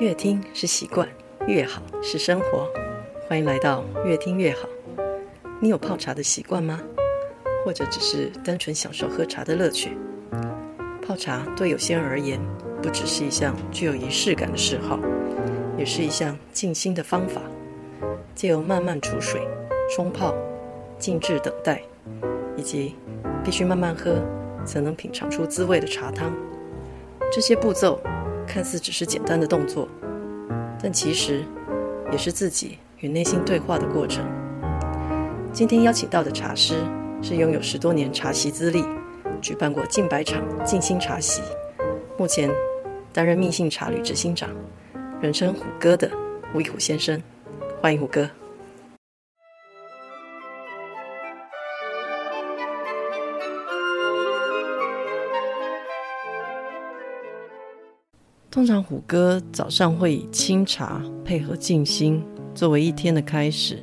越聽是習慣，越好是生活。歡迎來到越聽越好。你有泡茶的習慣嗎？或者只是單純享受喝茶的樂趣？泡茶對有些人而言，不只是一項具有儀式感的嗜好，也是一項靜心的方法。藉由慢慢煮水、沖泡、靜置等待，以及必須慢慢喝才能品嚐出滋味的茶湯，這些步驟，看似只是簡單的動作，但其實也是自己與內心對話的過程。今天邀請到的茶師是擁有十多年茶席資歷，舉辦過近百場靜心茶席，目前擔任覓幸茶旅執行長，人稱虎哥的吳逸虎先生。歡迎虎哥。通常虎哥早上會以清茶配合靜心作為一天的開始，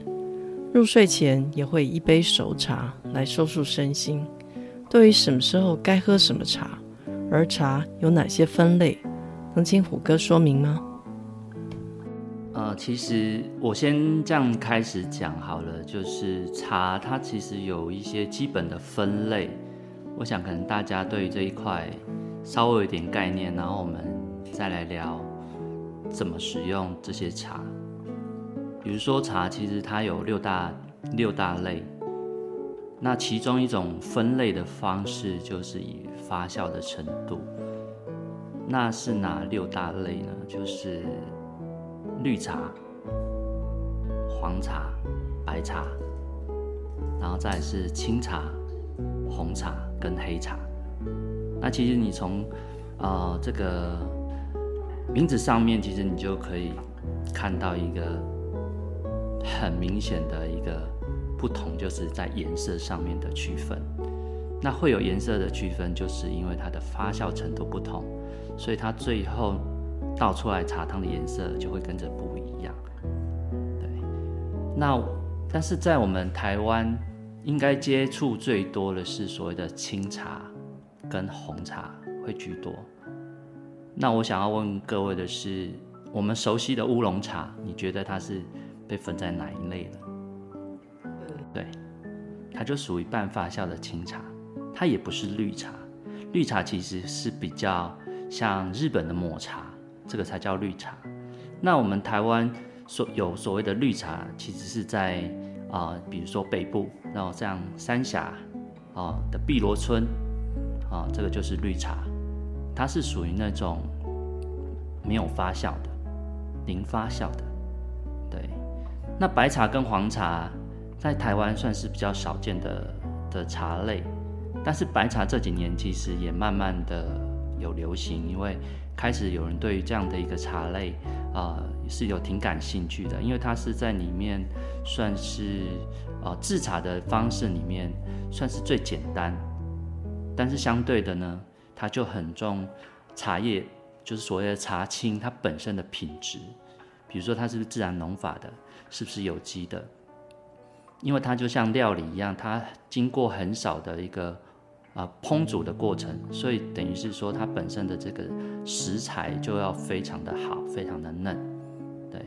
入睡前也會以一杯熟茶來收束身心。對於什麼時候該喝什麼茶，而茶有哪些分類，能請虎哥說明嗎？呃，其實我先這樣開始講好了，就是茶它其實有一些基本的分類，我想可能大家對這一塊稍微有點概念，然後我們。再來聊怎麼使用這些茶。比如說，茶其實它有六大六大類。那其中一種分類的方式就是以發酵的程度。那是哪六大類呢？就是綠茶、黃茶、白茶，然後再是青茶、紅茶跟黑茶。那其實你從呃這個。名字上面其實你就可以看到一個很明顯的一個不同，就是在顏色上面的區分。那會有顏色的區分，就是因為它的發酵程度不同，所以它最後倒出來茶湯的顏色就會跟着不一樣。對。那但是在我們台灣，應該接觸最多的是所謂的青茶跟紅茶會居多。那我想要問各位的是，我們熟悉的烏龍茶，你覺得它是被分在哪一類了？對，它就屬於半發酵的青茶，它也不是綠茶。綠茶其實是比較像日本的抹茶，這個才叫綠茶。那我們台灣所有所謂的綠茶，其實是在啊、呃，比如說北部，然後像三峽啊、呃、的碧螺春啊，這個就是綠茶。它是屬於那種沒有發酵的，零發酵的，對。那白茶跟黃茶在台灣算是比較少見的的茶類，但是白茶這幾年其實也慢慢的有流行，因為開始有人對於這樣的一個茶類啊、呃、是有挺感興趣的，因為它是在裡面算是啊、呃、製茶的方式裡面算是最簡單，但是相對的呢。它就很重茶葉，就是所謂的茶青，它本身的品質，比如說它是不是自然農法的，是不是有機的，因為它就像料理一樣，它經過很少的一個啊、呃、烹煮的過程，所以等於是說它本身的這個食材就要非常的好，非常的嫩，對。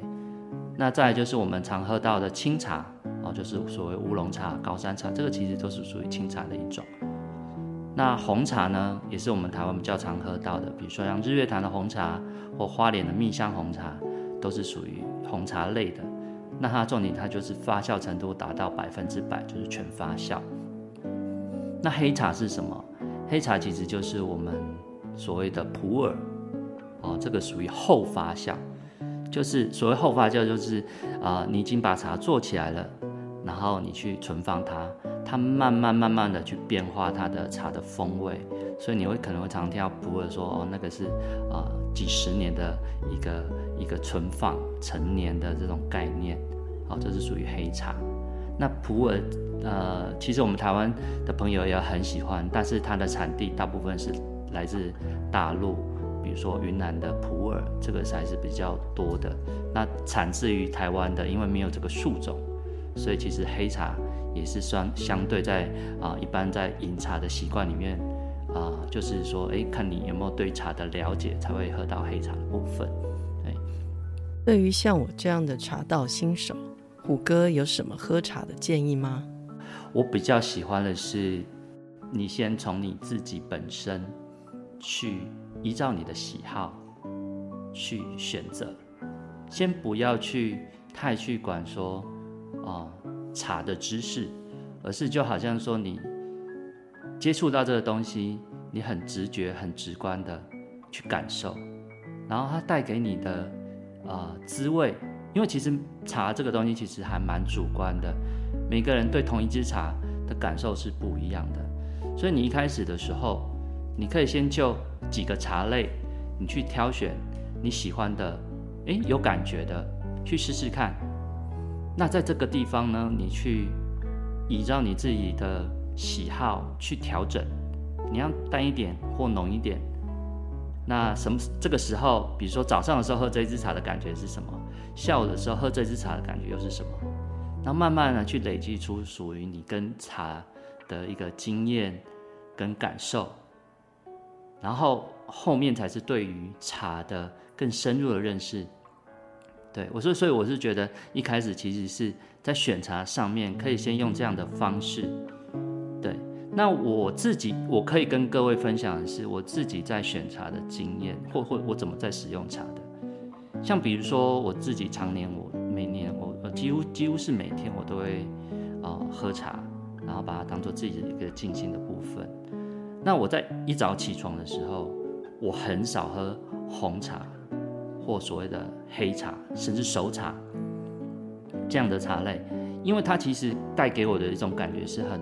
那再就是我們常喝到的青茶哦，就是所謂烏龍茶、高山茶，這個其實都是屬於青茶的一種。那紅茶呢，也是我們台灣比較常喝到的，比如說像日月潭的紅茶或花蓮的蜜香紅茶，都是屬於紅茶類的。那它重點，它就是發酵程度達到百分之百，就是全發酵。那黑茶是什麼？黑茶其實就是我們所謂的普洱，哦、呃，這個屬於後發酵，就是所謂後發酵，就是啊、呃，你已經把茶做起來了，然後你去存放它。它慢慢慢慢的去變化它的茶的風味，所以你會可能會常聽到普洱說，哦，那個是，啊、呃、幾十年的一個一個存放陳年的這種概念，哦，這是屬於黑茶。那普洱，呃，其實我們台灣的朋友也很喜歡，但是它的產地大部分是來自大陸，比如說雲南的普洱，這個才是比較多的。那產自於台灣的，因為沒有這個樹種，所以其實黑茶。也是算相對在啊、呃，一般在飲茶的習慣裡面，啊、呃，就是說，誒，看你有沒有對茶的了解，才會喝到黑茶的部分。對，對於像我這樣的茶道新手，虎哥有什麼喝茶的建議嗎？我比較喜歡的是，你先從你自己本身去依照你的喜好去選擇，先不要去太去管說，啊、呃。茶的知識，而是就好像說你接觸到這個東西，你很直覺、很直觀的去感受，然後它帶給你的呃滋味，因為其實茶這個東西其實還蠻主觀的，每個人對同一支茶的感受是不一樣的。所以你一開始的時候，你可以先就幾個茶類，你去挑選你喜歡的，誒、欸，有感覺的，去試試看。那在這個地方呢，你去依照你自己的喜好去調整，你要淡一點或濃一點。那什麼這個時候，比如說早上的時候喝這支茶的感覺是什麼？下午的時候喝這支茶的感覺又是什麼？那慢慢的去累積出屬於你跟茶的一個經驗跟感受，然後後面才是對於茶的更深入的認識。對，我說，所以我是覺得一開始其實是在選茶上面，可以先用這樣的方式。對，那我自己我可以跟各位分享的是，我自己在選茶的經驗，或或我怎麼在使用茶的。像比如說，我自己常年我每年我幾乎幾乎是每天我都會啊、呃、喝茶，然後把它當做自己的一個靜心的部分。那我在一早起床的時候，我很少喝紅茶。或所謂的黑茶，甚至熟茶這樣的茶類，因為它其實帶給我的一種感覺是很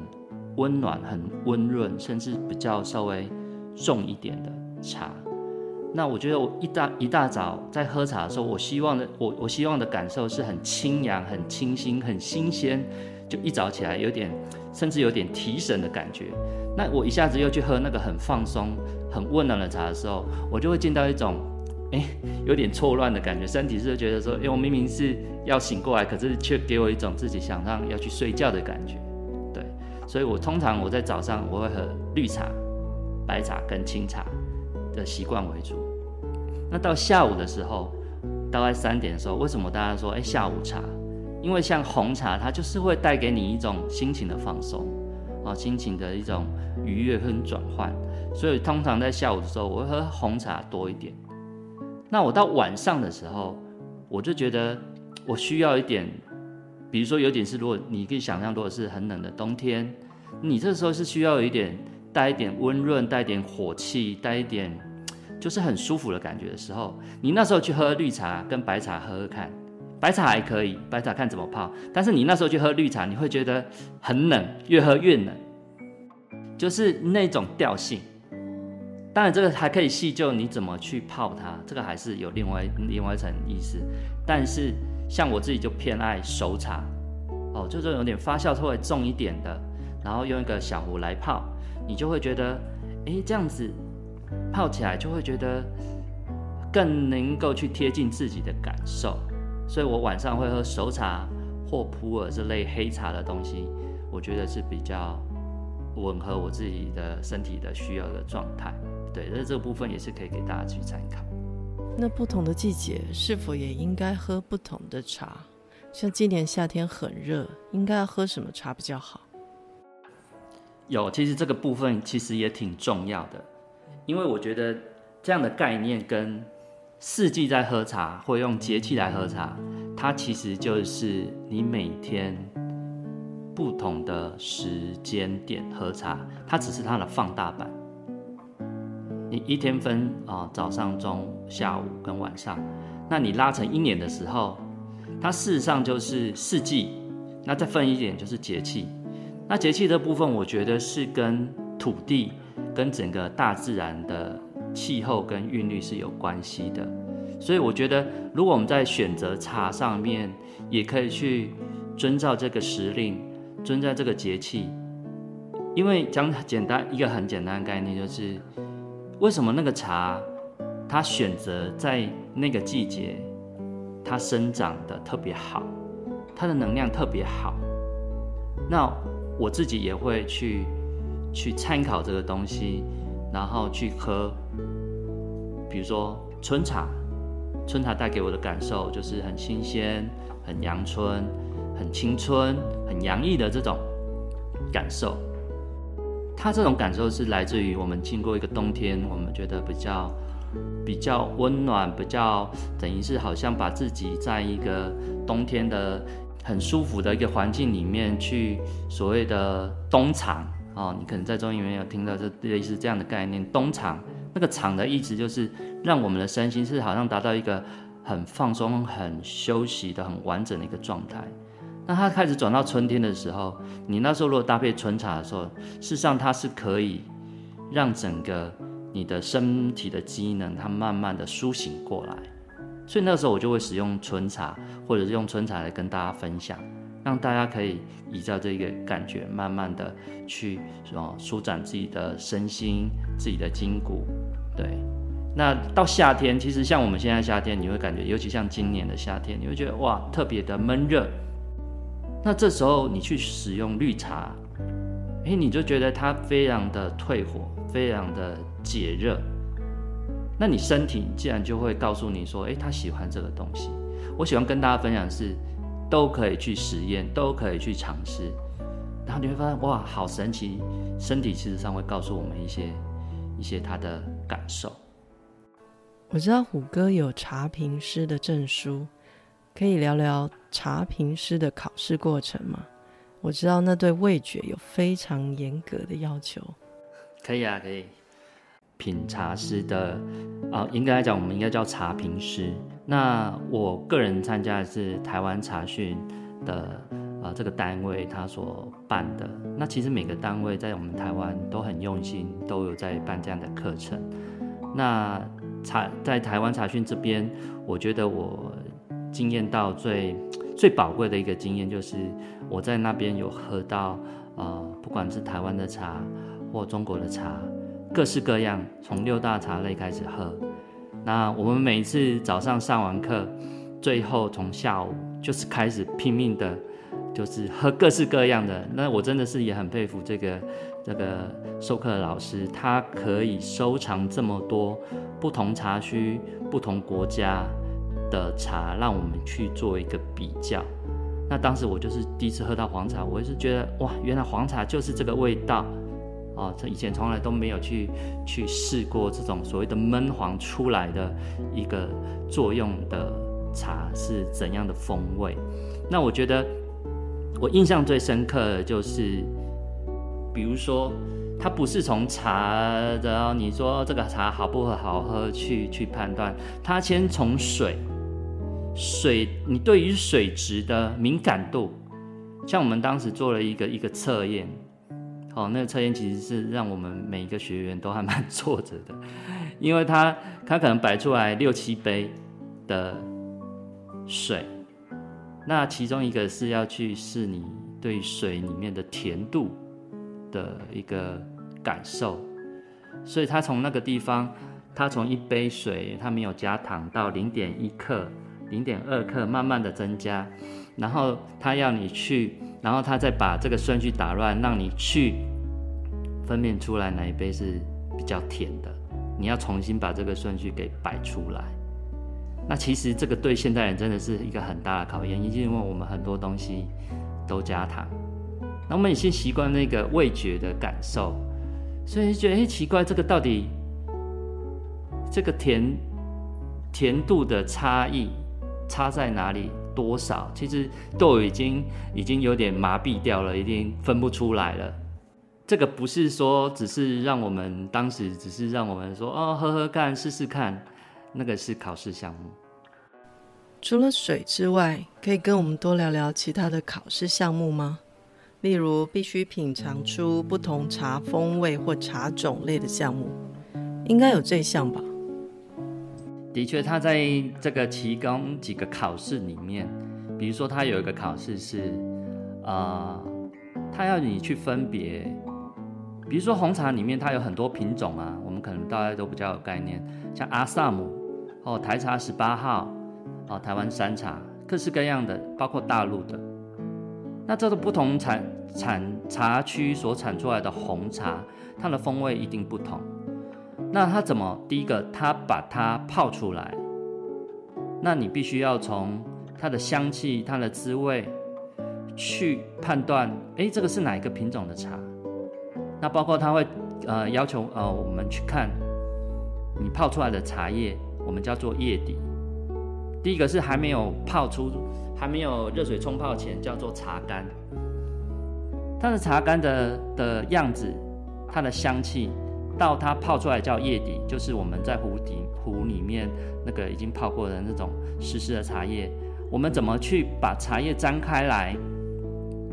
溫暖、很溫潤，甚至比較稍微重一點的茶。那我覺得我一大一大早在喝茶的時候，我希望的我我希望的感受是很清揚、很清新、很新鮮，就一早起來有點甚至有點提神的感覺。那我一下子又去喝那個很放鬆、很溫暖的茶的時候，我就會見到一種。哎，有點錯亂的感覺，身體是覺得說，因為我明明是要醒過來，可是卻給我一種自己想讓要去睡覺的感覺，對。所以我通常我在早上我會喝綠茶、白茶跟清茶的習慣為主。那到下午的時候，大概三點的時候，為什麼大家說哎下午茶？因為像紅茶它就是會帶給你一種心情的放鬆，啊，心情的一種愉悅跟轉換。所以通常在下午的時候，我會喝紅茶多一點。那我到晚上的時候，我就覺得我需要一點，比如說有點是，如果你可以想象，如果是很冷的冬天，你這時候是需要有一點帶一點溫潤，帶一點火氣，帶一點就是很舒服的感覺的時候，你那時候去喝綠茶跟白茶喝喝看，白茶還可以，白茶看怎麼泡，但是你那時候去喝綠茶，你會覺得很冷，越喝越冷，就是那種調性。當然，這個還可以細究你怎麼去泡它，這個還是有另外另外一層意思。但是像我自己就偏愛熟茶，哦，就這種有點發酵稍微重一點的，然後用一個小壺來泡，你就會覺得，哎，這樣子泡起來就會覺得更能夠去貼近自己的感受。所以我晚上會喝熟茶或普洱這類黑茶的東西，我覺得是比較吻合我自己的身體的需要的狀態。對，那這個部分也是可以給大家去參考。那不同的季節是否也應該喝不同的茶？像今年夏天很熱，應該要喝什麼茶比較好？有，其實這個部分其實也挺重要的，因為我覺得這樣的概念跟四季在喝茶，或用節氣來喝茶，它其實就是你每天不同的時間點喝茶，它只是它的放大版。你一天分啊、哦、早上、中午、下午跟晚上，那你拉成一年的時候，它事實上就是四季。那再分一點就是節氣。那節氣的部分，我覺得是跟土地、跟整個大自然的氣候跟韻律是有關係的。所以我覺得，如果我們在選擇茶上面，也可以去遵照這個時令，遵照這個節氣。因為講簡單，一個很簡單的概念就是。為什麼那個茶，它選擇在那個季節，它生長得特別好，它的能量特別好。那我自己也會去去參考這個東西，然後去喝。比如說春茶，春茶帶給我的感受就是很新鮮、很陽春、很青春、很洋溢的這種感受。他這種感受是來自於我們經過一個冬天，我們覺得比較比較溫暖，比較等於是好像把自己在一個冬天的很舒服的一個環境裡面去所謂的冬藏哦，你可能在中醫裡面有聽到這類似這樣的概念，冬藏那個場的意思就是讓我們的身心是好像達到一個很放鬆、很休息的、很完整的一個狀態。那它開始轉到春天的時候，你那時候如果搭配春茶的時候，事實上它是可以讓整個你的身體的機能它慢慢的甦醒過來。所以那時候我就會使用春茶，或者是用春茶來跟大家分享，讓大家可以依照這個感覺，慢慢的去哦舒展自己的身心、自己的筋骨。對，那到夏天，其實像我們現在夏天，你會感覺，尤其像今年的夏天，你會覺得，哇，特別的悶熱。那這時候你去使用綠茶，誒，你就覺得它非常的退火，非常的解熱。那你身體竟然就會告訴你說，誒，他喜歡這個東西。我喜歡跟大家分享的是，都可以去實驗，都可以去嘗試，然後你會發現哇，好神奇！身體其實上會告訴我們一些，一些它的感受。我知道虎哥有茶評師的證書，可以聊聊茶評師的考試過程嗎？我知道那對味覺有非常嚴格的要求。可以啊，可以。品茶師的啊，呃、嚴格來講，我們應該叫茶評師。那我個人參加的是台灣茶訓的啊、呃、這個單位他所辦的。那其實每個單位在我們台灣都很用心，都有在辦這樣的課程。那茶在台灣茶訓這邊，我覺得我經驗到最。最寶貴的一個經驗就是，我在那邊有喝到，呃，不管是台灣的茶或中國的茶，各式各樣，從六大茶類開始喝。那我們每一次早上上完課，最後從下午就是開始拼命的，就是喝各式各樣的。那我真的是也很佩服這個這個授課的老師，他可以收藏這麼多不同茶區、不同國家，的茶讓我們去做一個比較，那當時我就是第一次喝到黃茶，我也是覺得哇，原來黃茶就是這個味道哦。這以前從來都沒有去去試過這種所謂的悶黃出來的一個作用的茶是怎樣的風味。那我覺得我印象最深刻的就是，比如說它不是從茶，然後你說這個茶好不好，好喝去去判斷，它先從水。水，你對於水質的敏感度，像我們當時做了一個一個測驗，好、哦，那個測驗其實是讓我們每一個學員都還蠻挫折的，因為他他可能擺出來六七杯的水，那其中一個是要去試你對水裡面的甜度的一個感受，所以他從那個地方，他從一杯水，他沒有加糖到零點一克。零點二克，慢慢的增加，然後他要你去，然後他再把這個順序打亂，讓你去分辨出來哪一杯是比較甜的。你要重新把這個順序給擺出來。那其實這個對現代人真的是一個很大的考驗，因為我們很多東西都加糖，那我們已經習慣那個味覺的感受，所以覺得哎奇怪，這個到底這個甜甜度的差異，差在哪裡？多少？其實都已經已經有點麻痹掉了，已經分不出來了。這個不是說只是讓我們當時只是讓我們說哦，喝喝看試試看，那個是考試項目。除了水之外，可以跟我們多聊聊其他的考試項目嗎？例如必須品嘗出不同茶風味或茶種類的項目，應該有這項吧。的確，它在這個提供幾個考試裡面，比如說它有一個考試是，呃它要你去分別，比如說紅茶裡面它有很多品種啊，我們可能大家都比較有概念，像阿薩姆、哦台茶十八號、哦台灣山茶，各式各樣的，包括大陸的，那這個不同產產茶區所產出來的紅茶，它的風味一定不同。那它怎麼？第一個，它把它泡出來，那你必須要從它的香氣、它的滋味去判斷，哎，這個是哪一個品種的茶？那包括它會呃要求呃我們去看你泡出來的茶葉，我們叫做葉底。第一個是還沒有泡出、還沒有熱水沖泡前，叫做茶乾。它的茶乾的的樣子，它的香氣。到它泡出來叫葉底，就是我們在壺底壺裡面那個已經泡過的那種濕濕的茶葉。我們怎麼去把茶葉張開來，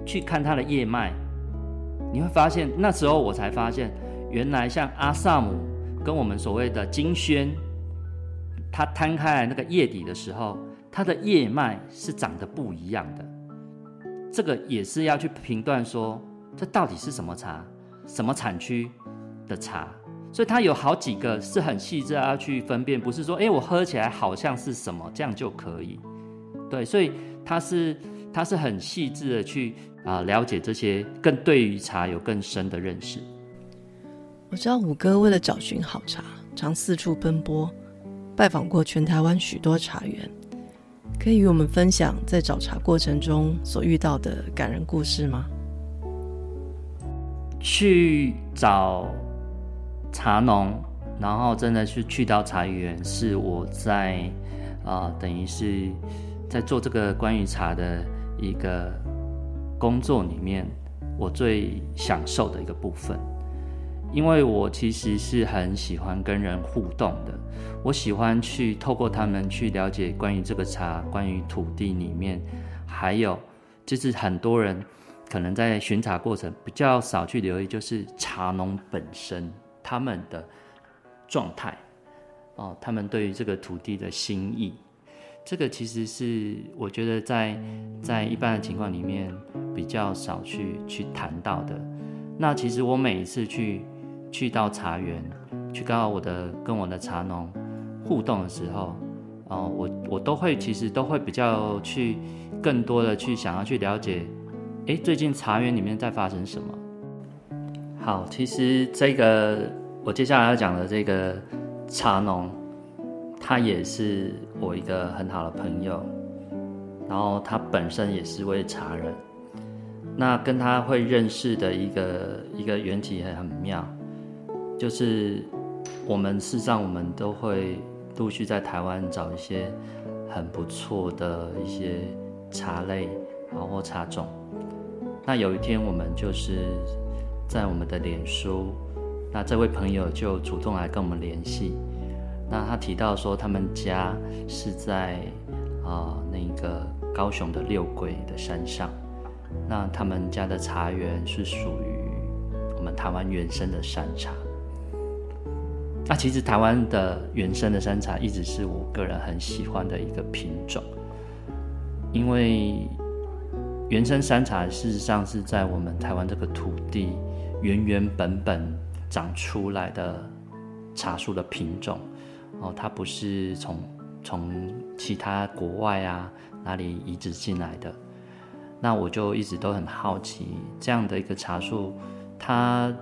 去看它的葉脈？你會發現，那時候我才發現，原來像阿薩姆跟我們所謂的金萱，它攤開來那個葉底的時候，它的葉脈是長得不一樣的。這個也是要去評斷，說這到底是什麼茶，什麼產區？的茶，所以它有好幾個是很細緻啊去分辨，不是說誒、欸、我喝起來好像是什麼這樣就可以，對，所以它是它是很細緻的去啊了解這些，更對於茶有更深的認識。我知道虎哥為了找尋好茶，常四處奔波，拜訪過全台灣許多茶園，可以與我們分享在找茶過程中所遇到的感人故事嗎？去找茶農，然後真的是去到茶園，是我在啊、呃，等於是，在做這個關於茶的一個工作裡面，我最享受的一個部分，因為我其實是很喜歡跟人互動的，我喜歡去透過他們去了解關於這個茶，關於土地裡面，還有就是很多人可能在尋茶過程比較少去留意，就是茶農本身。他們的狀態，哦，他們對於這個土地的心意，這個其實是我覺得在在一般的情況裡面比較少去去談到的。那其實我每一次去去到茶園，去剛好我的跟我的茶農互動的時候，啊、哦，我我都會其實都會比較去更多的去想要去了解，哎、欸，最近茶園裡面在發生什麼？好，其實這個我接下來要講的這個茶農，他也是我一個很好的朋友，然後他本身也是位茶人。那跟他會認識的一個一個緣體很很妙，就是我們事實上我們都會陸續在台灣找一些很不錯的一些茶類然後茶種。那有一天我們就是。在我們的臉書，那這位朋友就主動來跟我們聯繫。那他提到說，他們家是在啊、呃、那個高雄的六龜的山上。那他們家的茶園是屬於我們台灣原生的山茶。那其實台灣的原生的山茶，一直是我個人很喜歡的一個品種，因為原生山茶事實上是在我們台灣這個土地。原原本本長出來的茶樹的品種，哦，它不是從從其他國外啊哪裡移植進來的。那我就一直都很好奇，這樣的一個茶樹，它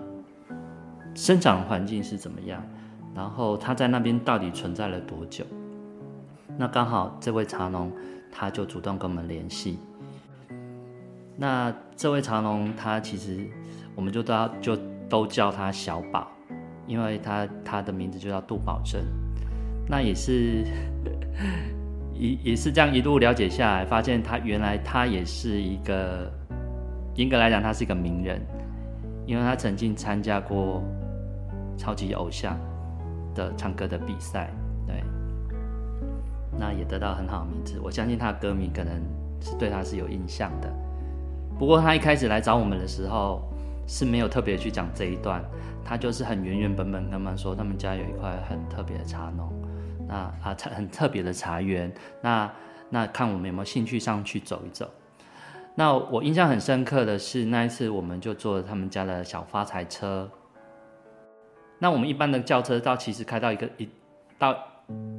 生長環境是怎麼樣？然後它在那邊到底存在了多久？那剛好這位茶農他就主動跟我們聯繫。那這位茶農他其實。我們就都要就都叫他小寶，因為他他的名字就叫杜寶珍，那也是，也也是這樣一路了解下來，發現他原來他也是一個嚴格來講，他是一個名人，因為他曾經參加過超級偶像的唱歌的比賽，對，那也得到很好的名字。我相信他的歌迷可能是對他是有印象的，不過他一開始來找我們的時候。是沒有特別去講這一段，他就是很原原本本跟我們說，他們家有一塊很特別的茶農，那啊茶很特別的茶園，那那看我們有沒有興趣上去走一走。那我印象很深刻的是那一次，我們就坐他們家的小發財車。那我們一般的轎車到其實開到一個一到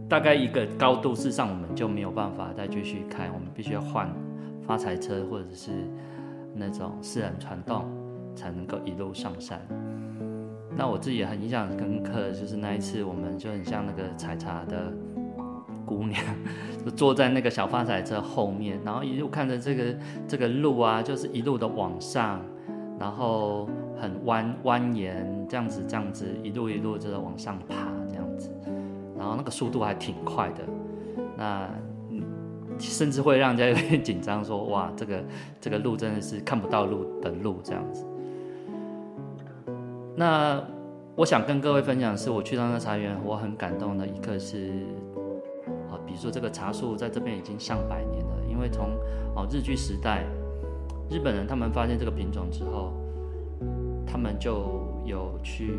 大概一個高度之上，我們就沒有辦法再繼續開，我們必須要換發財車或者是那種四輪傳動。才能夠一路上山。那我自己也很印象深刻的就是那一次，我們就很像那個採茶的姑娘，就坐在那個小發財車後面，然後一路看着這個這個路啊，就是一路的往上，然後很蜿蜿蜒這樣子，這樣子一路一路就在往上爬這樣子，然後那個速度還挺快的，那甚至會讓人家有點緊張，說哇，這個這個路真的是看不到路的路這樣子。那我想跟各位分享的是，我去到那茶園，我很感動的一刻是，啊，比如說這個茶樹在這邊已經上百年了，因為從哦日據時代，日本人他們發現這個品種之後，他們就有去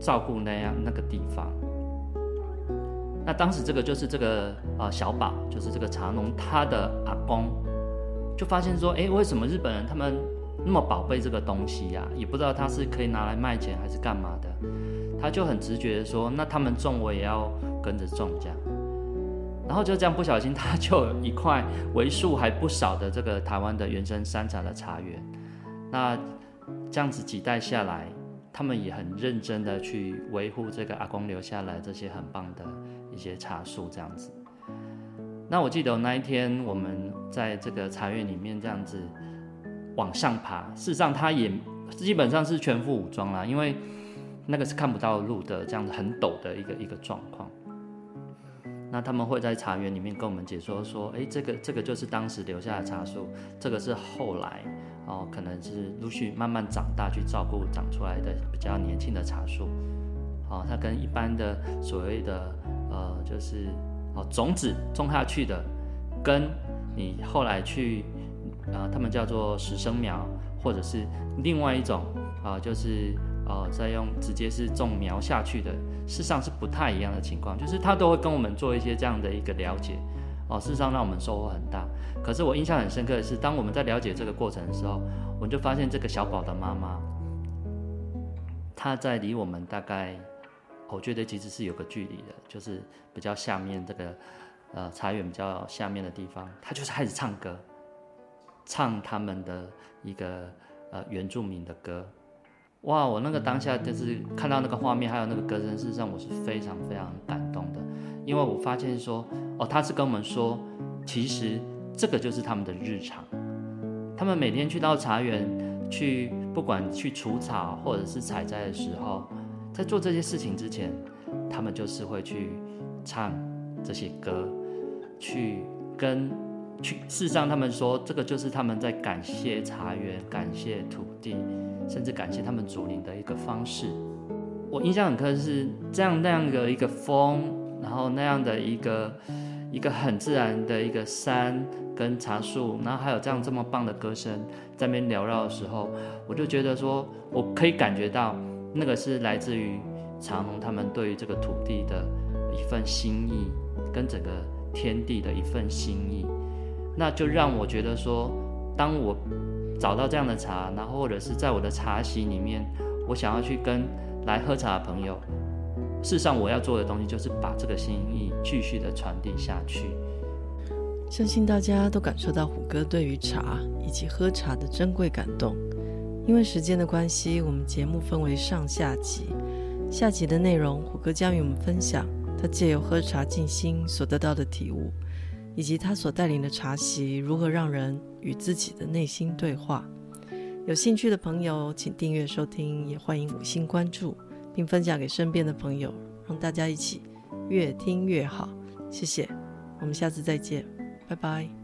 照顧那樣那個地方。那當時這個就是這個啊小寶，就是這個茶農他的阿公，就發現說，誒，為什麼日本人他們？那麼寶貝這個東西呀、啊，也不知道它是可以拿來賣錢還是幹嘛的，他就很直覺的說，那他們種我也要跟着種這樣，然後就這樣不小心他就有一塊為數還不少的這個台灣的原生山茶的茶園，那這樣子幾代下來，他們也很認真的去維護這個阿公留下來這些很棒的一些茶樹這樣子。那我記得我那一天我們在這個茶園裡面這樣子。往上爬，事實上它也基本上是全副武裝啦，因為那個是看不到路的，這樣子很陡的一個一個狀況。那他們會在茶園裡面跟我們解說說，誒，這個這個就是當時留下的茶樹，這個是後來哦，可能是陸續慢慢長大去照顧長出來的比較年輕的茶樹。好、哦，它跟一般的所謂的呃，就是哦種子種下去的，跟你後來去。啊、呃，他們叫做實生苗，或者是另外一種，啊、呃，就是啊、呃，在用直接是種苗下去的，事實上是不太一樣的情況。就是他都會跟我們做一些這樣的一個了解，哦、呃，事實上讓我們收穫很大。可是我印象很深刻的是，當我們在了解這個過程的時候，我們就發現這個小寶的媽媽，她在離我們大概，我覺得其實是有個距離的，就是比較下面這個，呃，茶園比較下面的地方，她就是開始唱歌。唱他們的一個呃原住民的歌，哇！我那個當下就是看到那個畫面，還有那個歌聲，事實上我是非常非常感動的，因為我發現說，哦，他是跟我們說，其實這個就是他們的日常，他們每天去到茶園去，不管去除草或者是採摘的時候，在做這些事情之前，他們就是會去唱這些歌，去跟。去，事實上，他們說這個就是他們在感謝茶園、感謝土地，甚至感謝他們祖靈的一個方式。我印象很深刻是這樣那樣的一個風，然後那樣的一個一個很自然的一個山跟茶樹，然後還有這樣這麼棒的歌聲在那邊繚繞的時候，我就覺得說，我可以感覺到那個是來自於茶農他們對於這個土地的一份心意，跟整個天地的一份心意。那就讓我覺得說，當我找到這樣的茶，然後或者是在我的茶席裡面，我想要去跟來喝茶的朋友，事實上我要做的東西就是把這個心意繼續的傳遞下去。相信大家都感受到虎哥對於茶以及喝茶的珍貴感動。因為時間的關係，我們節目分為上下集，下集的內容虎哥將與我們分享他借由喝茶靜心所得到的體悟。以及他所帶領的茶席如何讓人與自己的內心對話？有興趣的朋友請訂閱收聽，也歡迎五星關注，並分享給身邊的朋友，讓大家一起越聽越好。謝謝，我們下次再見，拜拜。